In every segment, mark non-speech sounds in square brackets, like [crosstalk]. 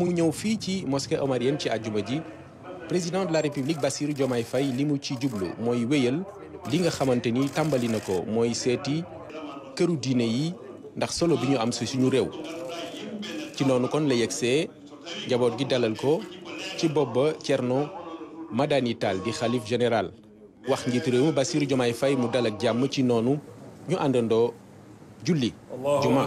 mu ñëw fii ci mosquée omarienne ci àjjuma ji président de la république Bassirou jomay fay li mu ci jublu mooy wéyal li nga xamante ni tàmbali na ko mooy seeti këru diine yi ndax solo bi ñu am si suñu réew ci noonu kon la yegsee jaboot gi dalal ko ci bopp ba Thierno Madani Tall di xalif général wax njiitu réew mi Bassirou Diomaye Faye mu dal ak jàmm ci noonu ñu àndandoo julli juma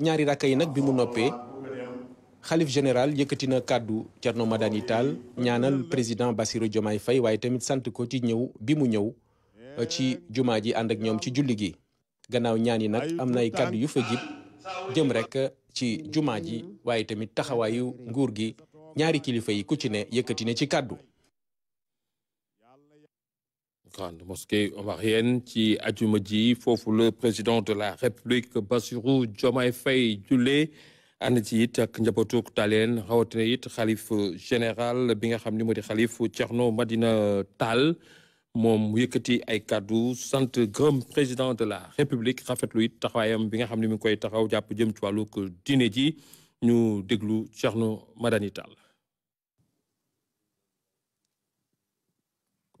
ñaari rakka yi nag bi mu noppee xalif général yëkkati na kàddu Thierno Madani Tall ñaanal président Bassirou Diomaye fay waaye tamit sant ko ci ñëw bi mu ñëw euh, ci jumaa ji ànd ak ñoom ci julli gi gannaaw ñaan yi nag am na ay kàddu yu fa jëm rek ci jumaa ji waaye tamit taxawaayu nguur gi ñaari kilifa yi ku ci ne yëkkati na ci kàddu grande mosquée omarienne ci ajuma ji foofu le président de la république Bassirou Diomaye Faye jullee ànd ci it ak njabootu taaleen xawatina it xalif général bi nga xam ni moo di xalif Thierno Madina Tall moom mu yëkkati ay kaddu sant gërëm président de la république rafetlu it taxawaayam bi nga xam ne mu ngi koy taxaw jàpp jëm ci wàllu wàllug diine ji ñu déglu Thierno Madani Tall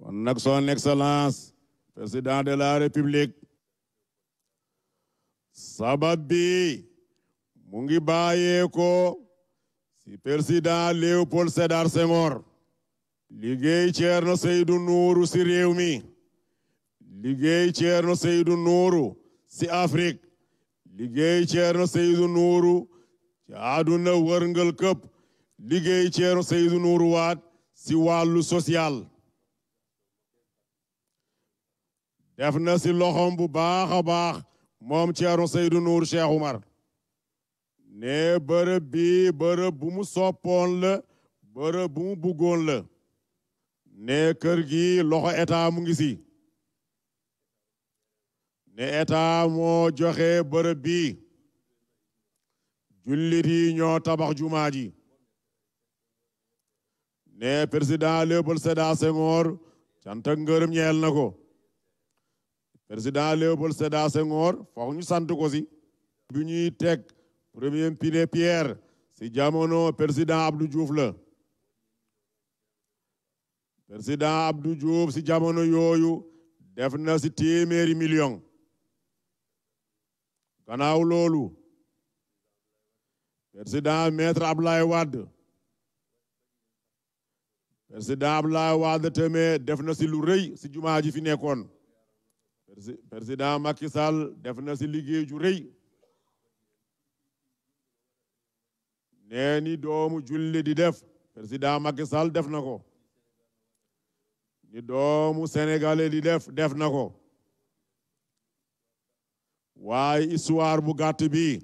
kon nag son excellence président de la république sabab bi mu ngi bàyyee ko si président Léopold Sédar Senghor liggéey Ceerno Seydou Nourou si réew mi liggéey Ceerno Seydou Nourou si Afrique liggéey Ceerno Seydou Nourou ci àdduna wërngal këpp liggéey Ceerno Seydou Nourou waat si wàllu social def na si loxom bu baax a baax moom Thierno Seydou Nour Cheikh Oumar ne bërëb bi bërëb bu mu soppoon la bërëb bu mu bëggoon la ne kër gi loxo état mu ngi si ne état moo joxe bërëb bi jullit yi ñoo tabax jumaa ji ne président Léopold Sédar Senghor cant ak ngërëm ñeel na ko président Léopold Sédar Senghor foog ñu sant ko si bi ñuy teg premier pilier pierre si jamono président Abdou juuf la président Abdou Diouf si jamono yooyu def na si téeméeri million gannaaw loolu président maître Ablaye Wade président Ablaye Wade tamit def na si lu rëy si jumaa ji fi nekkoon président Macky Sall def na si liggéey ju rëy ni doomu julli di def président Macky Sall def na ko ni doomu sénégalais di def def na ko waaye histoire bu gàtt bi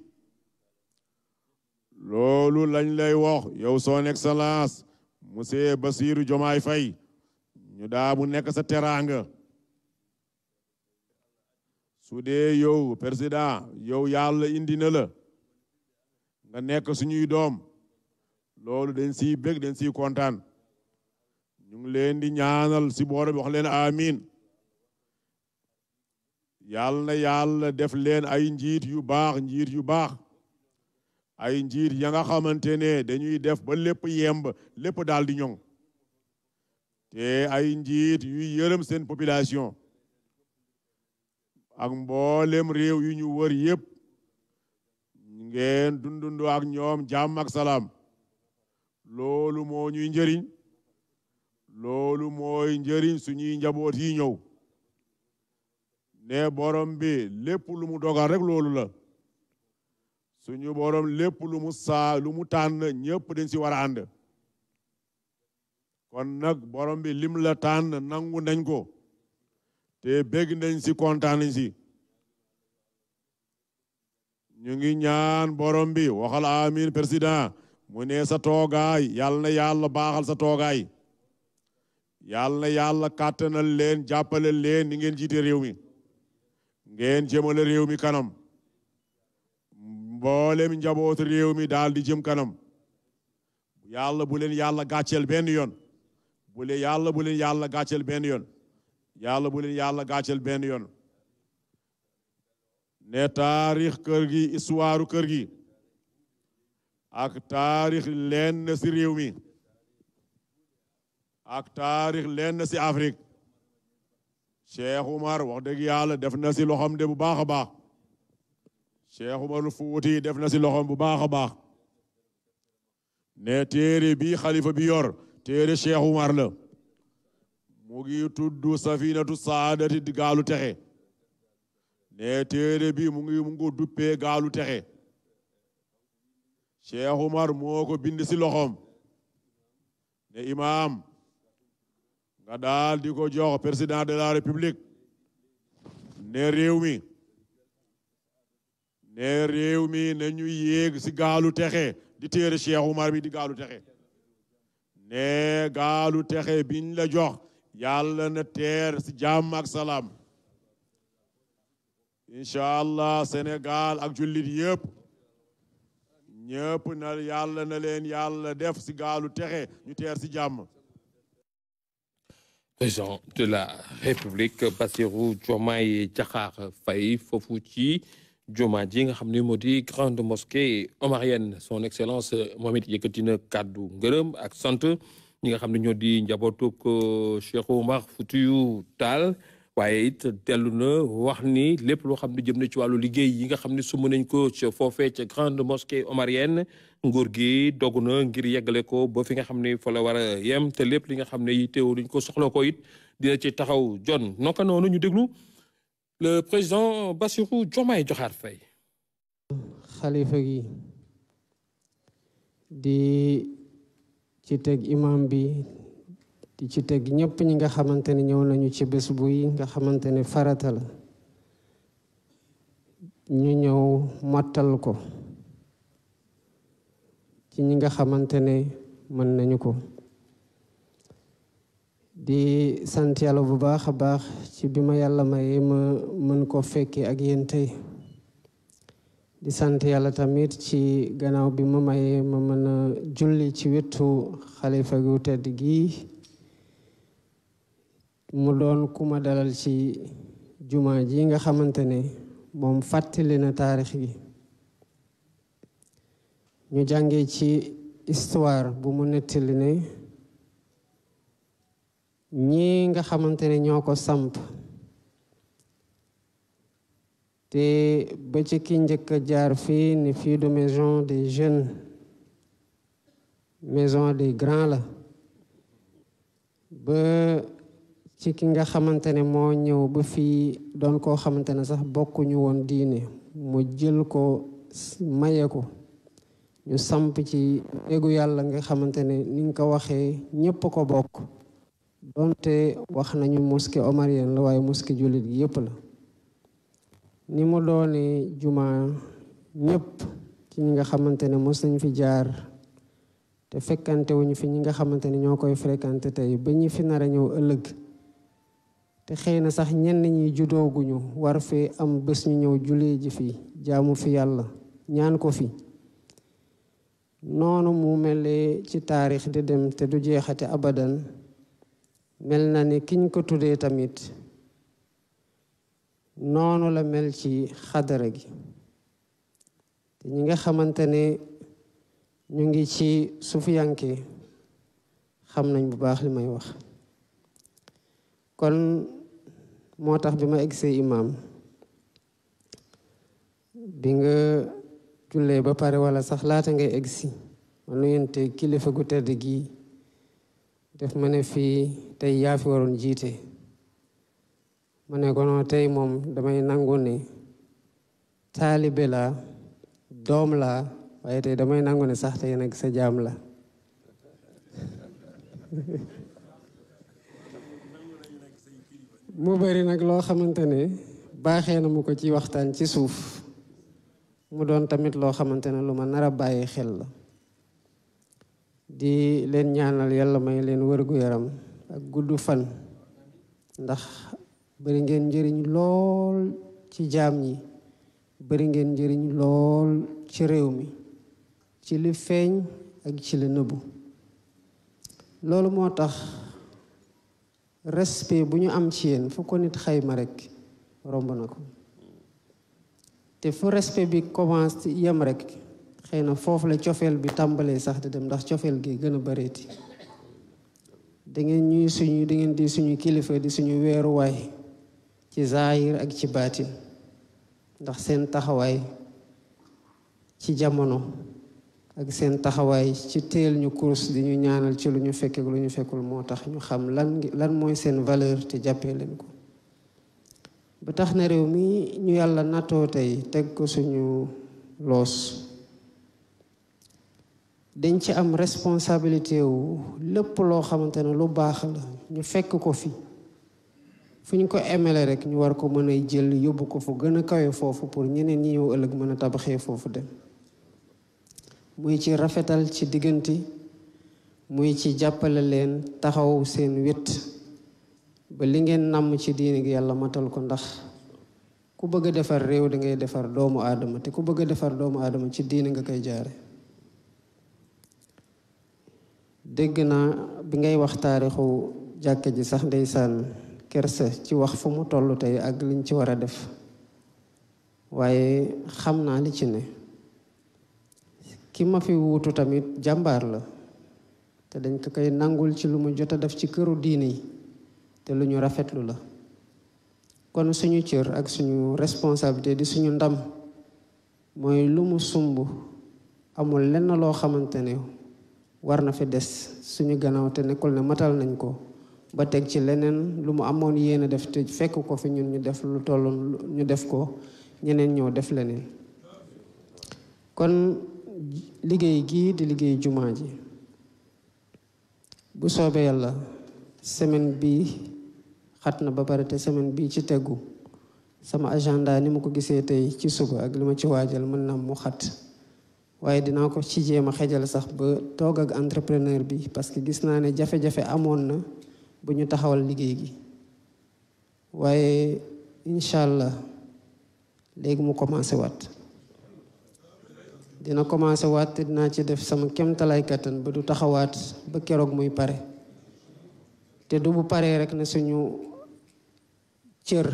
loolu lañ lay wax yow son excellence monsieur Bassirou jomay fay ñu daa bu nekk sa teraanga su yow président yow yàlla indi na la nga nekk suñuy doom loolu dañ siy bég dañ siy kontaan ñu ngi leen di ñaanal si boor bi wax leen amin yàlla na yàlla def leen ay njiit yu baax njiit yu baax ay njiit ya nga xamante ne dañuy def ba lépp yemb lépp daal di ñoŋ te ay njiit yuy yërëm seen population ak mboolem réew yu ñu wër yépp ngeen dundundo ak ñoom jàmm ak salaam loolu moo ñuy njëriñ loolu mooy njëriñ suñuy njaboot yi ñëw ne borom bi lépp lu mu dogal rek loolu la suñu borom lépp lu mu saa lu mu tànn ñëpp dañ si war a ànd kon nag borom bi lim la tànn nangu nañ ko te bégg nañ si kontaan nañ si ñu ngi ñaan borom bi waxal amin président mu ne sa toogaay yàlla na yàlla baaxal sa toogaay yàlla na yàlla kàttanal leen jàppale leen ni ngeen jiite réew mi ngeen jëmale réew mi kanam mboolem njaboot réew mi daal di jëm kanam yàlla bu leen yàlla gàcceel benn yoon bu leen yàlla bu leen yàlla gàcceel benn yoon yàlla bu leen yàlla gàcceel benn yoon ne taarix kër gi histoire kër gi ak taarix lenn ci réew mi ak taarix lenn ci Afrique Cheikh Umar wax dëgg yàlla def na ci loxoom de bu baax a baax Cheikh Umar Fuuti def na ci loxoom bu baax a baax ne téere bi xalifa bi yor téere Cheikh Umar la mu ngi tudd safinatu saadati gaalu texe ne téere bi mu ngi mu ngi duppee gaalu texe Cheikh Umar moo ko bind si loxoom ne imaam nga daal di ko jox président de la république ne réew mi ne réew mi ne ñu yéeg si gaalu texe di téere Cheikh Umar bi di gaalu texe ne gaalu texe biñ jox yàlla na teer si jàmm ak salaam incha allah Sénégal ak jullit yëpp ñëpp na yàlla na leen yàlla def si gaalu texe ñu teer si jàmm. président de la république Bassirou Diomaye Diakhar Faye foofu ci juma ji nga xam ne moo di grande mosquée omarienne son excellence moom it yëkkati kàddu ngërëm ak sant. ñi nga xam ne ñoo di njabootug Cheikh Oumar Foutiyou Tall waaye it tellu na wax ni lépp loo xam ne jëm na ci wàllu liggéey yi nga xam ne sumb nañ ko ca foofee ca grande mosquée omarienne nguur gi dogu na ngir yeggale ko ba fi nga xam ne fa la war a yem te lépp li nga xam ne yi teewu luñ ko soxla ko it dina ci taxaw jon naka noonu ñu déglu le président Bassirou Diomaye Diakhar Faye xalifa gi di ci teg imam bi ci teg ñëpp ñi nga xamante ne ñëw nañu ci bés buy nga xamante ne farata la ñu ñëw mottal ko ci ñi nga xamante ne mën nañu ko di sant bu baax a baax ci bi ma yàlla maye ma mën ko fekkee ak yéen tey di sant yàlla tamit ci gannaaw bi ma mayee ma mën a julli ci wetu xalifa gu tedd gi mu doon ku ma dalal ci jumaa ji nga xamante ne moom fàttali na taarix gi ñu jàngee ci histoire bu mu nettali ne ñi nga xamante ne ñoo ko samp te ba ci ki njëkk a jaar fii ni fii du maison des jeunes maison des grands la ba ci ki nga xamante ne moo ñëw ba fii doon koo xamante ne sax bokkuñu woon diine mu jël ko maye ko ñu samp ci égu yàlla nga xamante ne ni nga ko waxee ñépp ko bokk donte wax nañu mosquée omarienne la waaye moski jullit gi yépp la ni mu doone jumaa ñépp ci ñi nga xamante ne mos nañ fi jaar te fekkantewuñu fi ñi nga xamante ni ñoo koy fréquenté tey ba ñu fi nar a ñëw ëllëg te xëy na sax ñenn ñi judooguñu war fee am bés ñu ñëw julee ji fi jaamu fi yàlla ñaan ko fi noonu mu mel ci taarix di dem te du jeexate abadan mel na ni kiñ ko tuddee tamit noonu la mel ci xadara gi te ñi nga xamante ne ñu ngi ci sufiyanke xam nañ bu baax li may wax kon moo tax bi ma egsee imaam bi nga jullee ba pare wala sax laata ngay egsi ma nuyente kilifa gu tedd gi def ma ne fii tey yaa fi waroon jiite mu ne ko noo tey moom damay nangu ni taalibe la doom la waaye tey damay nangu ne sax te nag sa jaam la [laughs] mu bari nag loo xamante ne baaxe na mu ko ci waxtaan ci suuf mu doon tamit loo xamante ne lu ma nar a bàyyi xel la di leen ñaanal yàlla may leen wërgu yaram ak gudd fan ndax bari ngeen njëriñ lool ci jaam yi bari ngeen njëriñ lool ci réew mi ci li feeñ ak ci li nëbbu loolu moo tax respect bu ñu am ci yéen fu ko nit xayma rek romb na ko te fu respe bi commence yem rek xëy na foofu la cofeel bi tàmbalee sax di dem ndax cofeel gi gën a bareeti da ngeen ñuy suñu da di suñu kilifa di suñu weeruwaay ci zaahir ak ci baatin ndax seen taxawaay ci jamono ak seen taxawaay ci teel ñu course di ñu ñaanal ci lu ñu fekk lu ñu fekkul moo tax ñu xam lan mooy seen valeur te jàppee leen ko ba tax na réew mi ñu yàlla nattoo tey teg ko suñu loos dañ ci am responsabilité lépp loo xamante ne lu baax la ñu fekk ko fi fu ñu ko émele rek ñu war ko mën a jël yóbbu ko fu gën a kawe foofu pour ñeneen ñi ñëw ëllëg mën a tabaxee foofu dem muy ci rafetal ci diggante muy ci jàppale leen taxaw seen wet ba li ngeen namm ci diine gi yàlla matal ko ndax ku bëgg a defar réew da ngay defar doomu aadama te ku bëgg a defar doomu aadama ci diine nga koy jaare dégg naa bi ngay wax taarixu jàkka ji sax sànni kersa ci wax fu mu toll tey ak liñ ci war a def waaye xam naa li ci ne ki ma fi wuutu tamit jàmbaar la te dañ ko koy nangul ci lu mu jot a def ci këru diini te lu ñu rafetlu la kon suñu cër ak suñu responsabilité di suñu ndam mooy lu mu sumb amul lenn loo xamante ne war na fi des suñu gannaaw te nekkul ne matal nañ ko ba teg ci leneen lu mu amoon yéen a def te fekk ko fi ñun ñu def lu tolloon ñu def ko ñeneen ñoo def leneen kon liggéey gii di liggéey jumaa ji bu soobee yàlla semaine bi xat na ba pare te semaine bi ci tegu sama agenda ni mu ko gisee tey ci suba ak li ma ci waajal mën na mu xat waaye dinaa ko ci jéem a xejal sax ba toog ak entrepreneur bi parce que gis naa ne jafe-jafe amoon na bu ñu taxawal liggéey gi waaye incha allah léegi mu commencé waat dina commencé waat te dinaa ci def sama kemtalaay kattan ba du taxawaat ba keroog muy pare te du bu paree rek ne suñu cër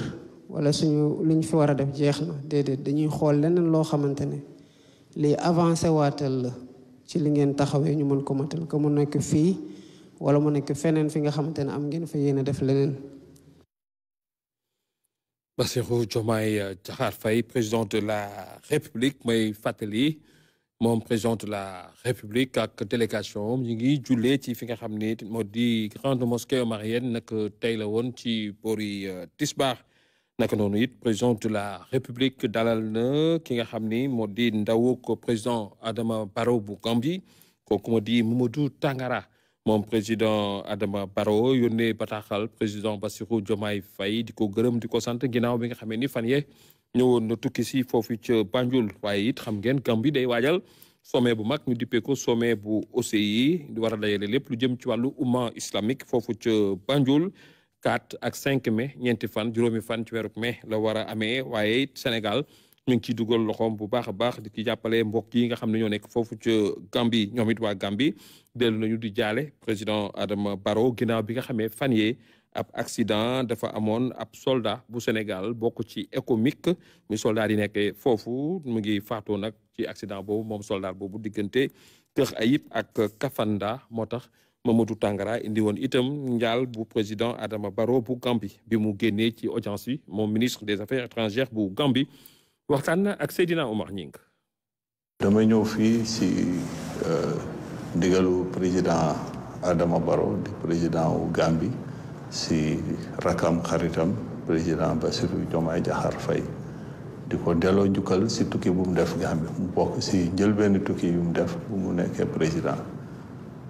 wala suñu lu ñu fi war a def jeex na déedéet dañuy xool leneen loo xamante ne lii avancé waatal la ci li ngeen taxawee ñu mën ko matal ko mu nekk fii wala mu nekk feneen fi nga xamante ne am ngeen fa yéen a def leneen. Bassirou Diomaye Diakhar Faye président de la république may fàttali moom président de la république ak délégation ñu ngi jullee ci fi nga xam ni moo di grande mosquée omarienne nag tey la woon ci boori euh, tisbaar naka noonu it président de la république dalal na ki nga xam ni moo di ndawu ko président Adama Barrow bu Gambie kooku moo di Mamadou Tangara. moom président Adama Barrow yónnee bataaxal président Bassirou Diomaye Faye di ko gërëm di ko sant ginnaaw bi nga xamee ni fan yee ñëwoon na tukki si foofu ca Banjul waaye it xam ngeen Gambie day waajal sommet bu mag ñu dippee ko sommet bu OCI di war a dajale lépp lu jëm ci wàllu umma islamique foofu ca Banjul 4 ak 5 mais ñeenti fan juróomi fan ci weeru mai la war a amee waaye it Sénégal. mi ngi ciy dugal loxoom bu baax a baax di ki jàppale mbokk yi nga xam ne ñoo nekk foofu ca Gambie ñoom it waa Gambie dellu nañu di jaale président Adama Barrow ginnaaw bi nga xamee fan yee ab accident dafa amoon ab solda bu Sénégal bokk ci écomique muy soldat yi nekkee foofu mu ngi faatoo nag ci accident boobu moom soldat boobu diggante Kër Ayib ak Kafanda moo tax Mamadou Tangara indi woon itam njaal bu président Adama Barrow bu Gambie bi mu génnee ci audience bi moom ministre des affaires étrangères bu Gambie waxtaan na ak Seydina Omar Ñing dama ñëw fii si euh, ndigalu président Adama Barrow di président wu Gambie si rakam xaritam président ba Diomaye Diakhar Faye di ko delloo njukkal si tukki bu mu def Gambie bokk si njëlbéenu tukki yu mu def bu mu nekkee président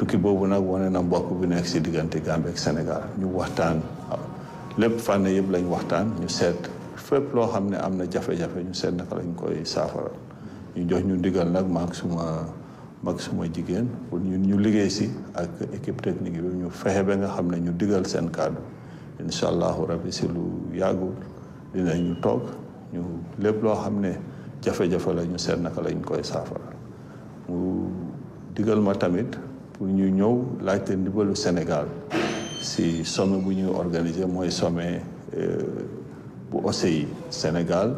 tukki boobu nag wane na mbokk bu nekk si diggante Gambie ak Sénégal ñu waxtaan lépp fànn yëpp lañ waxtaan ñu seet fépp loo xam ne am na jafe-jafe ñu seen naka lañ koy saafara ñu jox ñu ndigal nag maak suma mag suma jigéen pour ñun ñu liggéey si ak équipe technique bi ñu fexe ba nga xam ne ñu digal seen kàddu incha allahu rabi si lu yàggul dinañu toog ñu lépp loo xam ne jafe-jafe la ñu seet naka lañ koy saafara mu digal ma tamit pour ñu ñëw laajte ndimbalu Sénégal si sommet bu ñuy organiser mooy sommet euh, bu OCI Sénégal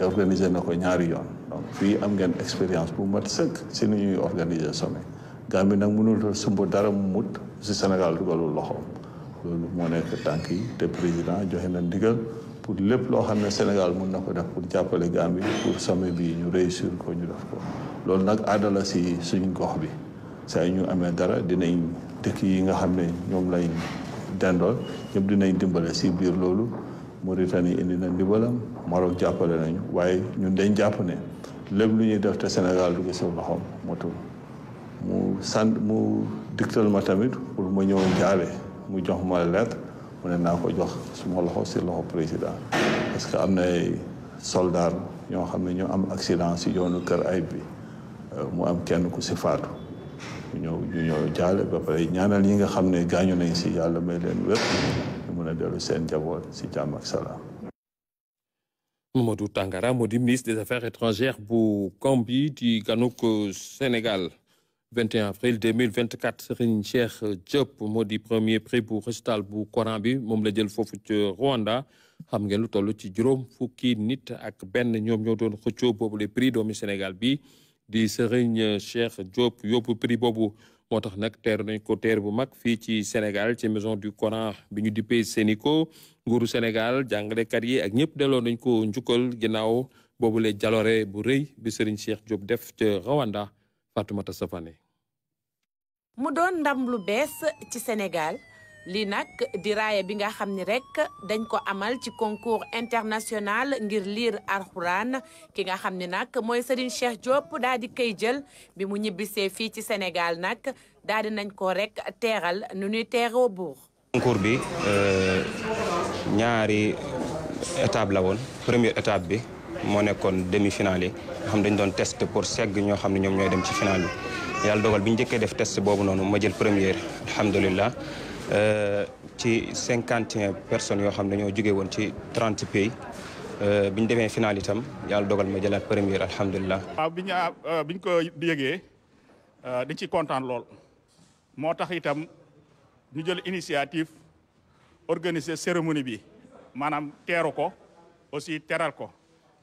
organiser na ko ñaari yoon donc fii am ngeen expérience bu mat sëkk si ni ñuy organiser sommet Gambie nag mënul sumb dara mu mut si Sénégal dugalul loxoom loolu moo nekk tànk yi te président joxe na ndigal pour lépp loo xam ne Sénégal mun na ko def pour jàppale Gambie pour sommet bi ñu réussir ko ñu def ko loolu nag aada si suñ gox bi saa yu ñu amee dara dinañ dëkk yi nga xam ne ñoom lañ dendool ñëpp dinañ dimbale si biir loolu Mauritanie indi na ndibalam Maroc jàppale nañu waaye ñun dañ jàpp ne lépp lu ñuy def te Sénégal du gisul loxoom motul mu sant mu diktal ma tamit pour ma ñëw jaale mu jox ma lettre mu ne naa ko jox suma loxo si loxo président parce que am na ay soldat ñoo xam ne ñu am accident si nu kër ay bi euh, mu am kenn ku si faatu ñu ñëw ñu ñëw jaale ba pare ñaanal ñi nga xam ne gaañu nañ si yàlla may leen wér mun a seen njaboot si jàmm ak salaam. Mamadou Tangara moo di ministre des affaires étrangères bu Gambie di ganuk Sénégal 21 avril 2024 Serigne Cheikh Diop moo di premier prix bu récital bu Coran bi moom la jël foofu ci Rwanda xam ngeen lu toll ci juróom fukki nit ak benn ñoom ñoo doon xëccoo boobu le prix doomi Sénégal bi di Serigne Cheikh Diop yóbbu prix boobu. moo tax nag teer nañ ko teer bu mag fii ci Sénégal ci maison du Coran bi ñu dippee Sénico nguuru Sénégal jàngalekat yi ak ñëpp delloo nañ ko njukkal ginnaaw boobule jaloore bu rëy bi Serigne Cheikh Diop def ca Rwanda Fatoumata Safane mu doon ndam lu bees ci Sénégal lii nag di raaya bi nga xam ni rek dañ ko amal ci concours international ngir liir alxuraan ki nga xam ni nag mooy Serigne Cheikh Diop daal di koy jël bi mu ñibbisee fii ci Sénégal nag daal nañ ko rek teeral nu ñuy teeroo buur. concours bi euh, ñaari étape la woon première étape bi moo nekkoon demi-finale yi nga xam dañ doon test pour segg ñoo xam ne ñoom ñooy dem ci final bi yàlla dogal bi ñu njëkkee def test boobu noonu ma jël première alhamdulilah. Euh, ci cinquante et un personnes yoo xam ne ñoo jóge woon ci trente pays euh, bi ñu demee final itam yàlla dogal ma jëlaat première alhamdulilah. waaw bi ñu ah, euh, bi ñu ko yëgee dañ ci kontaan lool moo tax itam ñu jël initiative organiser cérémonie bi maanaam teeru ko aussi teral ko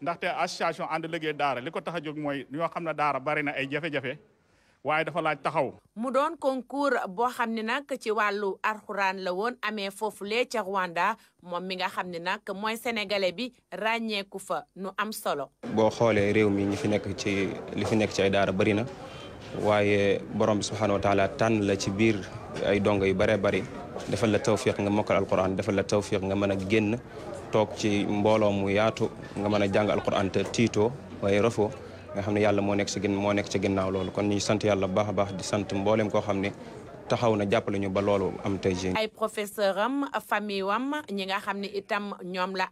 ndaxte association ànd liggéey daara li ko tax a jóg mooy ñoo xam ne daara bari na ay jafe-jafe. waaye dafa taxaw. mu doon concours boo xam ne nag ci wàllu arxuraan la woon amee foofulee ca Rwanda moom mi nga xam ne nag mooy sénégalais bi ràññeeku fa nu am solo. boo xoolee réew mi ñi fi nekk ci li fi nekk ci ay daara bari na waaye borom bi subhaanahu wa tànn la ci biir ay dongo yu baree bari defal la tawfiq nga mokkal alquran defal la tawfiq nga mën a génn toog ci mbooloo mu yaatu nga mën a jàng alquran te tiitoo waaye rafoo. nga xam ne yàlla moo nekk ci gin moo nekk ci ginnaaw loolu kon ñu sant yàlla bu baax a baax di sant mboolem koo xam ne taxaw na jàppale ñu ba loolu am tey jii. ay professeur am famille wam ñi nga xam ne itam ñoom la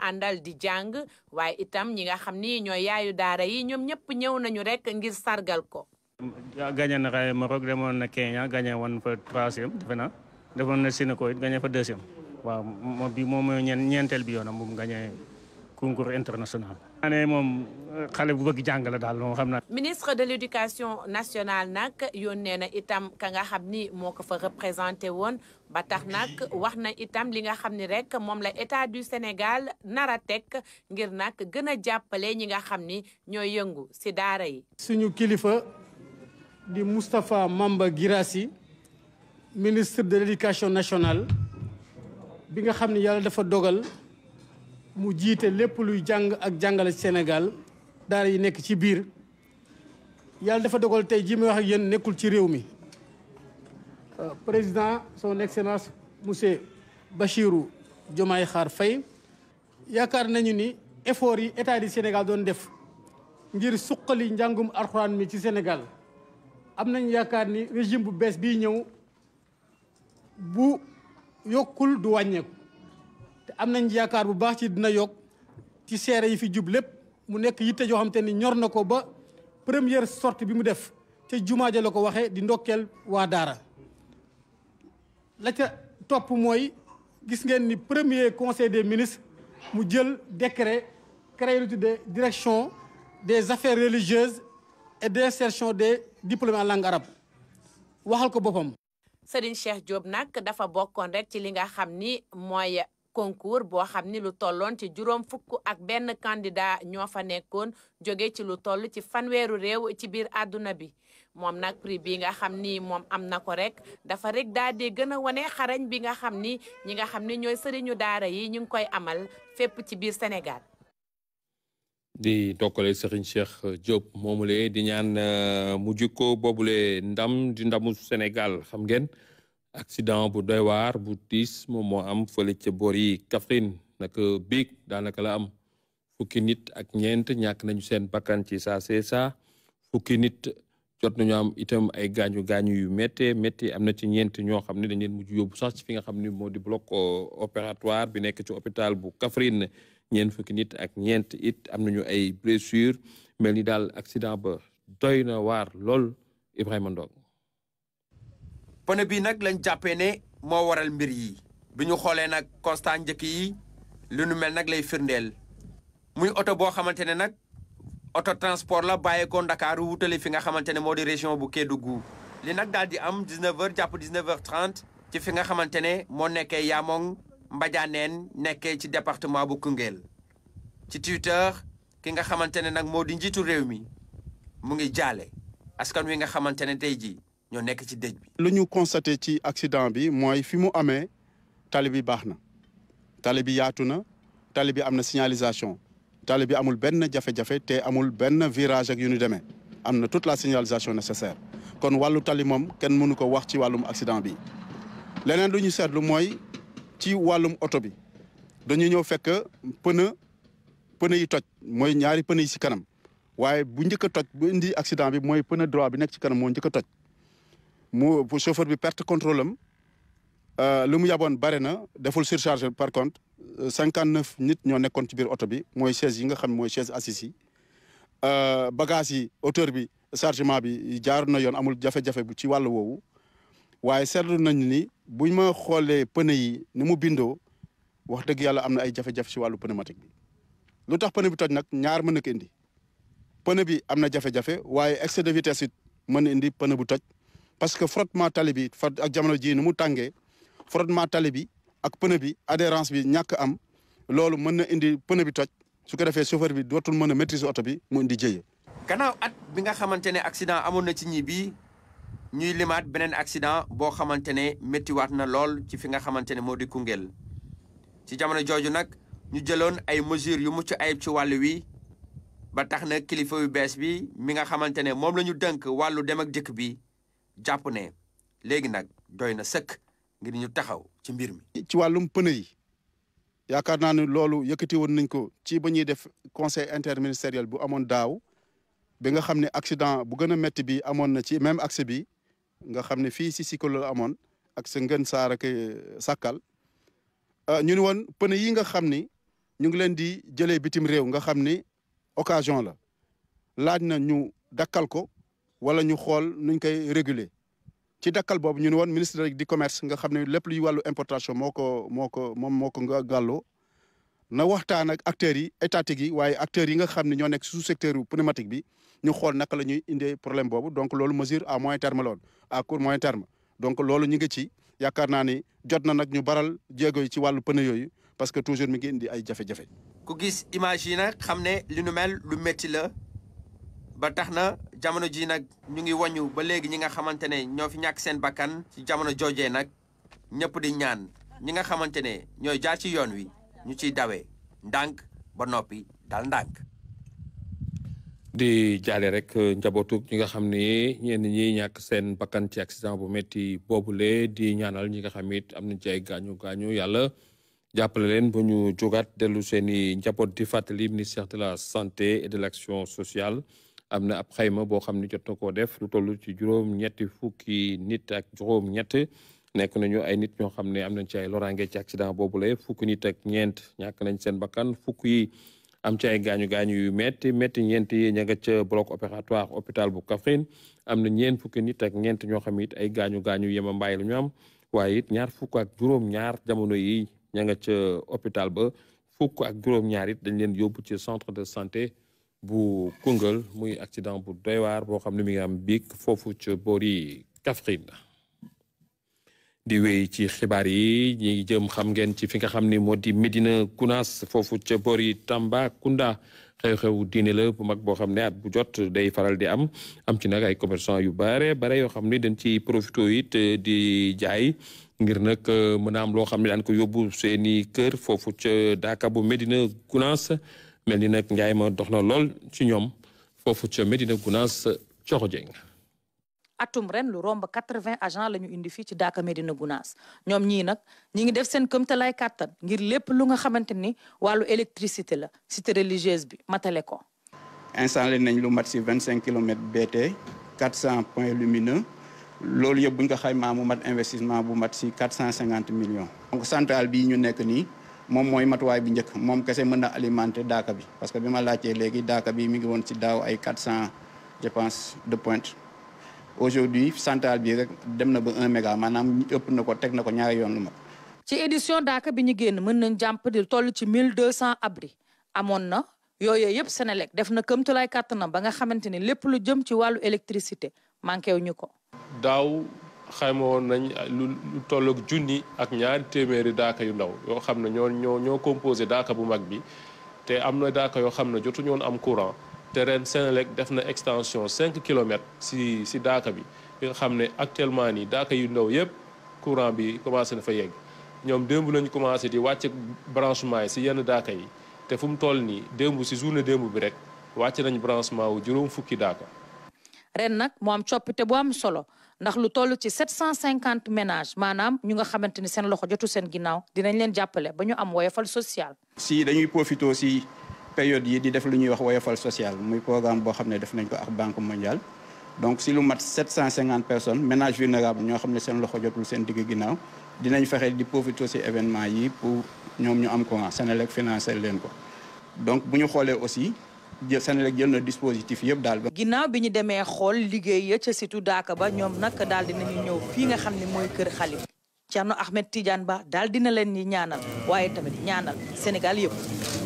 daara yi ñoom ñëpp ñëw nañu rek ngir sargal ko. gagné na xay Maroc demoon na Kenya gagné woon fa troisième defe na na Sénégal it gagné fa deuxième waaw moom bi moom ñeenteel bi concours international. maanaam moom xale bu bëgg jàng la daal moom xam naa. ministre de l' nationale nag yónnee na itam ka nga xam ni moo ko fa représenté woon ba tax nag wax na itam li nga xam ni rek moom la état du Sénégal nara teg ngir nag gën a jàppale ñi nga xam ni ñooy yëngu si daara yi. suñu kilifa di Moustapha Mamba Guirassy ministre de l' nationale bi nga xam ni yàlla dafa dogal. mu jiite lépp luy jàng ak jàngale Sénégal daal yi nekk ci biir yàlla dafa dogal tey jii may wax yenn nekkul ci réew mi euh, président soo nekk excellence monsieur Bachirou Diomaye Xaar Faye yaakaar nañu ni effort yi état du Sénégal doon def ngir suqali njàngum alxuraan mi ci Sénégal am nañ yaakaar ni régime bu bees bii ñëw bu yokkul du wàññeeku am nañ yaakaar bu baax ci dina yokk ci seere yi fi jub lépp mu nekk yitte joo xam te ni ñor na ko ba première sortie bi mu def te jumaa ja la ko waxee di ndokkeel waa daara la ca topp mooy gis ngeen ni premier conseil des ministres mu jël décret créé lu tudde direction des affaires religieuses et d'insertion des diplômés en langue arabe waxal ko boppam Serigne Cheikh Diop nag dafa bokkoon rek ci li nga xam ni mooy concours boo xam ni lu tolloon ci juróom fukk ak benn candidat ñoo fa nekkoon jóge ci lu toll ci fanweeru réew ci biir àdduna bi moom nag prix bi nga xam ni moom am na ko rek dafa rek daa di gën a wane xarañ bi nga xam ni ñi nga xam ni ñooy sëriñu daara yi ñu ngi koy amal fépp ci biir Sénégal. di tokkale Serigne Cheikh Diop moomule di ñaan euh, mu jikko boobule ndam di ndamu Sénégal xam ngeen. accident bu doy waar bu tiis moom moo am fële ca boor yi Kaffrine naka biig daanaka la am fukki nit ak ñeent ñàkk nañu seen bakkan ci saa see saa fukki nit jot nañu am itam ay gaañu gaañu yu méttee métti am na ci ñeent ñoo xam ne dañ leen mujj yóbbu sax ci fi nga xam ni moo di bloc euh, opératoire bi nekk ci hôpital bu Kaffrine ñeent fukki nit ak ñeent it am nañu ay blessure mel ni daal accident ba doy na waar lool Ibrahima Ndong pneu bi nag lañ jàppee ne moo waral mbir yi bi ñu xoolee nag constat njëkk yi lu nu mel nag lay firndeel muy oto boo xamante ne nag oto transport la bàyyeekoo Ndakaaru wutale fi nga xamante ne moo di région bu Kédougou li nag daal di am 19h jàpp 19h30 ci fi nga xamante ne moo nekkee Yamong Mbadianeen nekkee ci département bu Koungheul ci Twitter ki nga xamante ne nag moo di njiitu réew mi mu ngi jaale askan wi nga xamante ne tey jii ñoo nekk ci dëj bi. lu ñu constaté ci accident bi mooy fi mu amee tali bi baax na tali bi yaatu na tali bi am na signalisation tali bi amul benn jafe-jafe te amul benn virage ak yu ñu demee am na toute la signalisation nécessaire kon wàllu tali moom kenn mënu ko wax ci wàllum accident bi leneen lu ñu seetlu mooy ci wàllum oto bi dañu ñëw fekk pneu pneu yi toj mooy ñaari pneu yi si kanam waaye bu njëkk a toj bu indi accident bi mooy pneu droit bi nekk ci kanam moo njëkk a toj. mu pour chauffeur bi perte contrôle am euh, lu mu yaboon bare na deful surcharge par contre euh, cinquante neuf nit ñoo nekkoon ci biir oto bi mooy chaise yi nga xam mooy chaise assise yi euh, bagage yi hauteur bi chargement bi jaar na yoon amul jafe-jafe bu ci wàll woowu waaye seetlu nañ ni buñ ma xoolee pneu yi nu mu bindoo wax dëgg yàlla am na ay jafe-jafe ci wàllu pneumatique bi lu tax pneu bi toj nag ñaar mën na ko indi pneu bi am na jafe-jafe waaye excès de vitesse mën na indi pneu bu toj parce que frottement tali bi fa ak jamono jii ni mu tàngee frottement tali bi ak pneu bi adhérence bi ñàkk am loolu mën na indi pneu bi toj su ko defee chauffeur bi dootul mën a maîtriser oto bi mu indi jëye. gannaaw at bi nga xamante ne accident amoon na ci ñi bi ñuy limaat beneen accident boo xamante ne méttiwaat na lool ci fi nga xamante ne moo di Koungheul ci jamono jooju nag ñu jëloon ay mesures yu mucc ay ci wàll wi ba tax na kilifa yu bees bi mi nga xamante ne moom la ñu dënk wàllu dem ak dikk bi. jàpp ne léegi nag doy na sëkk ngir ñu taxaw ci mbir mi. ci wàllum pneu yi yaakaar naa ne loolu yëkkati woon nañ ko ci ba ñuy def conseil interministériel bu amoon daaw bi nga xam ne accident bu gën a métti bi amoon na ci même accès bi nga xam ne fii si Sikolo amoon ak sa ngën saar ak eh, sakkal euh, ñu ni woon pneu yi nga xam ni ñu ngi leen di jëlee bitim réew nga xam ni occasion la laaj na ñu dakkal ko wala ñu xool nuñ koy réguler ci dakkal boobu ñu ne woon ministre di commerce nga xam ne lépp luy wàllu importation moo ko moo ko moom moo ko gàlloo na waxtaan ak acteurs yi étatiques yi waaye acteurs yi nga xam ne ñoo nekk sous secteur pneumatique bi ñu xool naka la ñuy indee problème boobu donc loolu mesure à moyen terme loolu à court moyen terme donc loolu ñu ngi ci yaakaar naa ni jot na nag ñu baral jéego yi ci wàllu pneu yooyu parce que toujours mi ngi indi ay jafe-jafe. ku yi nag xam ne li nu lu métti la ba tax jamono ji nag ñu ngi wañu ba léegi ñi nga xamante ne ñoo fi ñàkk seen bakkan ci jamono joojee nag ñëpp di ñaan ñi nga xamante ne ñooy jaar ci yoon wi ñu ciy dawee ndànk ba noppi daal ndànk di jaale rek euh, njabootu ñi nga xam ni ñenn ñi ñàkk seen bakkan ci accident bu métti boobule di ñaanal ñi nga xam it am nañ ci ay gaañu gaañu yàlla jàppale leen ba ñu jógaat dellu seen i njaboot di fàttali ministère de la santé et de l' sociale am na ab xayma boo xam ne jot na koo def lu toll ci juróom-ñetti fukki nit ak juróom-ñett nekk nañu ay nit ñoo xam ne am nañ ci ay loraange ci accident boobu la fukki nit ak ñeent ñàkk nañ seen bakkan fukk yi am ci ay gaañu gaañu yu metti metti ñeent ña nga ca bloc opératoire hôpital bu Kaffrine am na ñeent fukki nit ak ñeent ñoo xam it ay gaañu gaañu yema mbaay la ñu am waaye ñaar fukk ak juróom-ñaar jamono yi ña nga ca hôpital ba fukk ak juróom-ñaar dañ leen yóbbu ci centre de santé. bu Koungheul muy accident bu doy waar boo xam ne mi ngi am biig foofu ca boori Kaffrine di wéy ci xibaar yi ñi jëm xam ngeen ci fi nga xam ni moo di Médina Gounass foofu ca boori Tambacounda xew-xew diine la bu mag boo xam ne at bu jot day faral di am am ci nag ay commerçant yu bare bare yoo xam ni dañ ci profito it eh, di jaay ngir nag eh, mën a am loo xam ne daan ko yóbbu seeni kër foofu ca daaka bu Médina Gounass mel ni nag njaay ma dox na lool ci ñoom foofu ca Medina Gunaas Coro Dieng atum ren lu romb 80 agents la ñu indi fii ci Daaka Medina Gunaas ñoom ñii nag ñi ngi def seen këmtalaay kàttan ngir lépp lu nga xamante ni wàllu électricité la cité religieuse bi matale ko. installé nañ lu mat si 25 kilomètres BT 400 points lumineux loolu yëpp buñ ñu ko xaymaa mu mat investissement bu mat si 450 millions. donc centrale bii ñu nekk nii. moom mooy matuwaay bi njëkk moom kese mën na alimenter daaka bi parce que bi ma laajtee léegi daaka bi mi ngi woon si daaw ay quatre cent je pense de pointe aujourd'hui centrale bi rek dem na ba un méga maanaam ëpp na ko teg na ko ñaari yoon lu ma ci édition daaka bi ñu génn mën nañ jàmp toll ci mille deux cent abri amoon na yooyu yëpp lekk def na këmtulaay kàttanam ba nga xamante ni lépp lu jëm ci wàllu électricité manqué wu ñu ko daaw xayma woon nañ lu tolloog junni ak ñaari téeméeri daaka yu ndaw yoo xam ne ñoo ñoo ñoo composé daaka bu mag bi te am na daaka yoo xam ne jotu ñoon am courant te ren Senelec def na extension cinq kilomètres si si daaka bi yi xam ne actuellement nii daaka yu ndaw yëpp courant bi commencé na fa yegg ñoom demb lañu commencé di wàcce branchement yi si yenn daaka yi te fu mu toll nii démb si journée démb bi rek wàcc nañ branchement wu juróom fukki daaka ren nag mu am coppite bu ndax lu toll ci cent cinquante ménage maanaam ñu nga xamante ni seen loxo jotu seen ginnaaw dinañ leen jàppale ba ñu am woyofal social. si dañuy profité aussi période yi di def lu ñuy wax woyofal social muy programme boo xam ne def nañ ko ak banque mondiale donc si lu mat 750 personnes ménages vulnérables ñoo xam ne seen loxo jotu seen digg ginnaaw dinañ fexe di profité si événement yi pour ñoom ñu am courant Senelec financé leen ko jël Senelec jël na dispositif yëpp daal. ba ginnaaw bi ñu demee xool liggéey ya ca daaka ba ñoom nag daal dinañu ñëw fii nga xam ne mooy kër xalif Thierno Ahmed Tidiane Ba daal dina leen ñi ñaanal waaye tamit ñaanal Sénégal yëpp.